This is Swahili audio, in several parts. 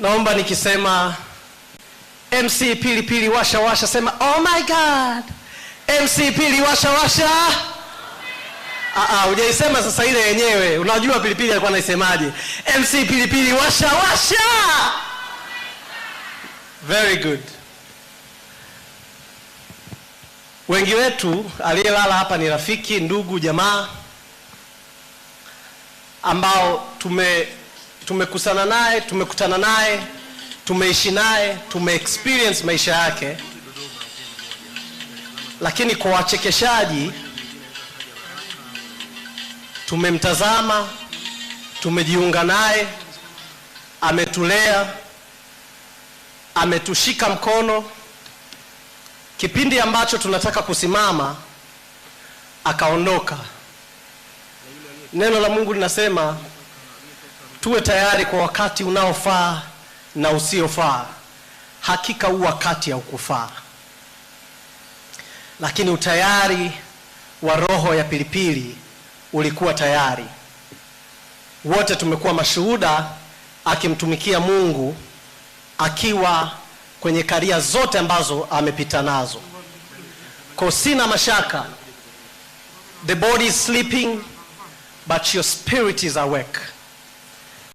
naomba nikisema MC pilipili pili washa washa, sema oh my god, MC pili washa washa. Ah, ah, hujaisema sasa ile yenyewe. Unajua pilipili pili alikuwa anaisemaje? MC pilipili pili washa washa. Very good. Wengi wetu aliyelala hapa ni rafiki, ndugu, jamaa ambao tume tumekusana naye, tumekutana naye, tumeishi naye, tumeexperience maisha yake, lakini kwa wachekeshaji tumemtazama, tumejiunga naye, ametulea, ametushika mkono. Kipindi ambacho tunataka kusimama, akaondoka. Neno la Mungu linasema tuwe tayari kwa wakati unaofaa na usiofaa. Hakika huu wakati haukufaa, lakini utayari wa roho ya pilipili ulikuwa tayari. Wote tumekuwa mashuhuda akimtumikia Mungu akiwa kwenye karia zote ambazo amepita nazo. Kwa sina mashaka, the body is sleeping but your spirit is awake.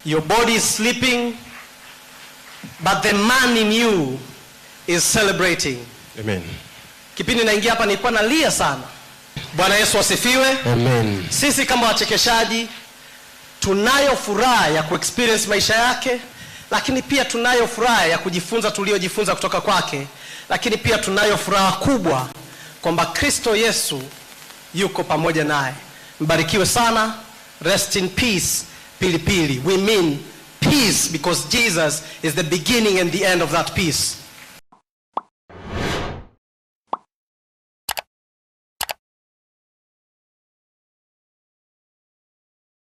Your body is sleeping, but the man in you is celebrating. Amen. Kipindi naingia hapa nilikuwa nalia sana. Bwana Yesu asifiwe. Amen. Sisi kama wachekeshaji tunayo furaha ya kuexperience maisha yake, lakini pia tunayo furaha ya kujifunza tuliyojifunza kutoka kwake, lakini pia tunayo furaha kubwa kwamba Kristo Yesu yuko pamoja naye. Mbarikiwe sana. Rest in peace pilipili. We mean peace because Jesus is the beginning and the end of that peace.